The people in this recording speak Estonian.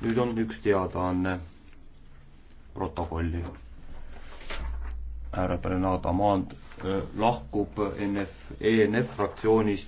nüüd on üks teadaanne protokolli. härra Bernard Amand eh, lahkub NF, ENF fraktsioonist